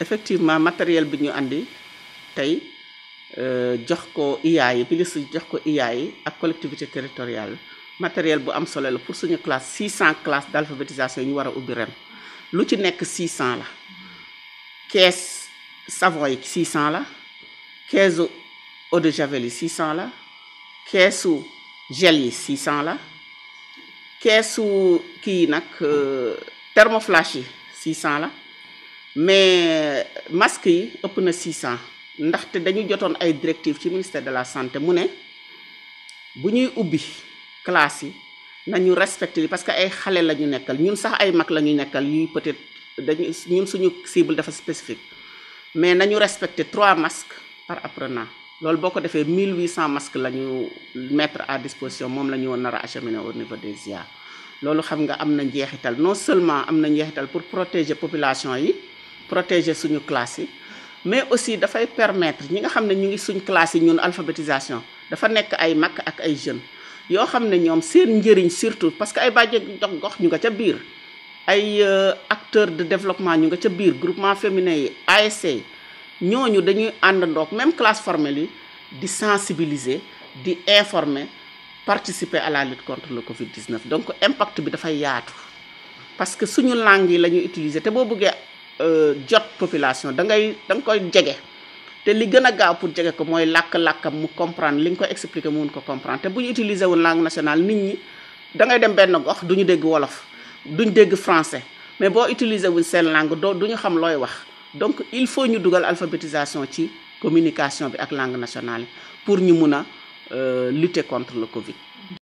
effectivement matériel bi ñu andi tey euh, jox ko IA yi ministre jox ko ak collectivité territoriale matériel bu am solo la pour suñu classe 600 classes d'alphabétisation ñu war a lu ci nekk 600 la caisse savon 600 la caisse eau de javel 600 la caisse gel 600 la caisse kii nag euh, thermoflash yi 600 la mais masque yi ëpp na 600 ndaxte dañu jotone ay directive ci ministère de la santé mu ne bu ñuy ubbi classe yi nañu respecté li parce que ay xalé lañu nekkal ñun sax ay mak lañu nekkal yuy peut-être dañu ñun suñu cible dafa spécifique mais nañu respecté 3 masques par apprenant lool boko défé 1800 masques lañu mettre à disposition mom lañu won woon acheminer au niveau des IA loolu xam nga amna na non seulement amna na pour protéger population yi protéger suñu classe yi mais aussi fay permettre ñi nga xam ñu ngi suñu classe yi ñun alphabétisation dafa nek ay mak ak ay jeunes yo xamné ñom seen njëriñ surtout parce que ay bàjjen dox gox ñu nga ca biir ay euh, acteurs de développement ñu nga ca biir groupement féminin yi ASC ñooñu dañuy àndandoog même classe formelle yi di sensibiliser di informer participer à la lutte contre le Covid 19 donc impact bi fay yaatu parce que suñu langue yi lañu utiliser te bo bëggé Euh, jot population da ngay da koy jege te li gën a gaaw pour jege ko mooy làkk-làkkam mu comprendre li nga ko expliquer mu mun ko comprendre te bu ñu utiliser wu langue nationale nit ñi da ngay dem benn gox du ñu dégg wolof duñ dégg français mais boo utiliser wuñ seen langue doo du ñu xam looy wax donc il faut ñu dugal alphabétisation ci communication bi ak langue nationale pour ñu mun a euh, lutter contre le Covid.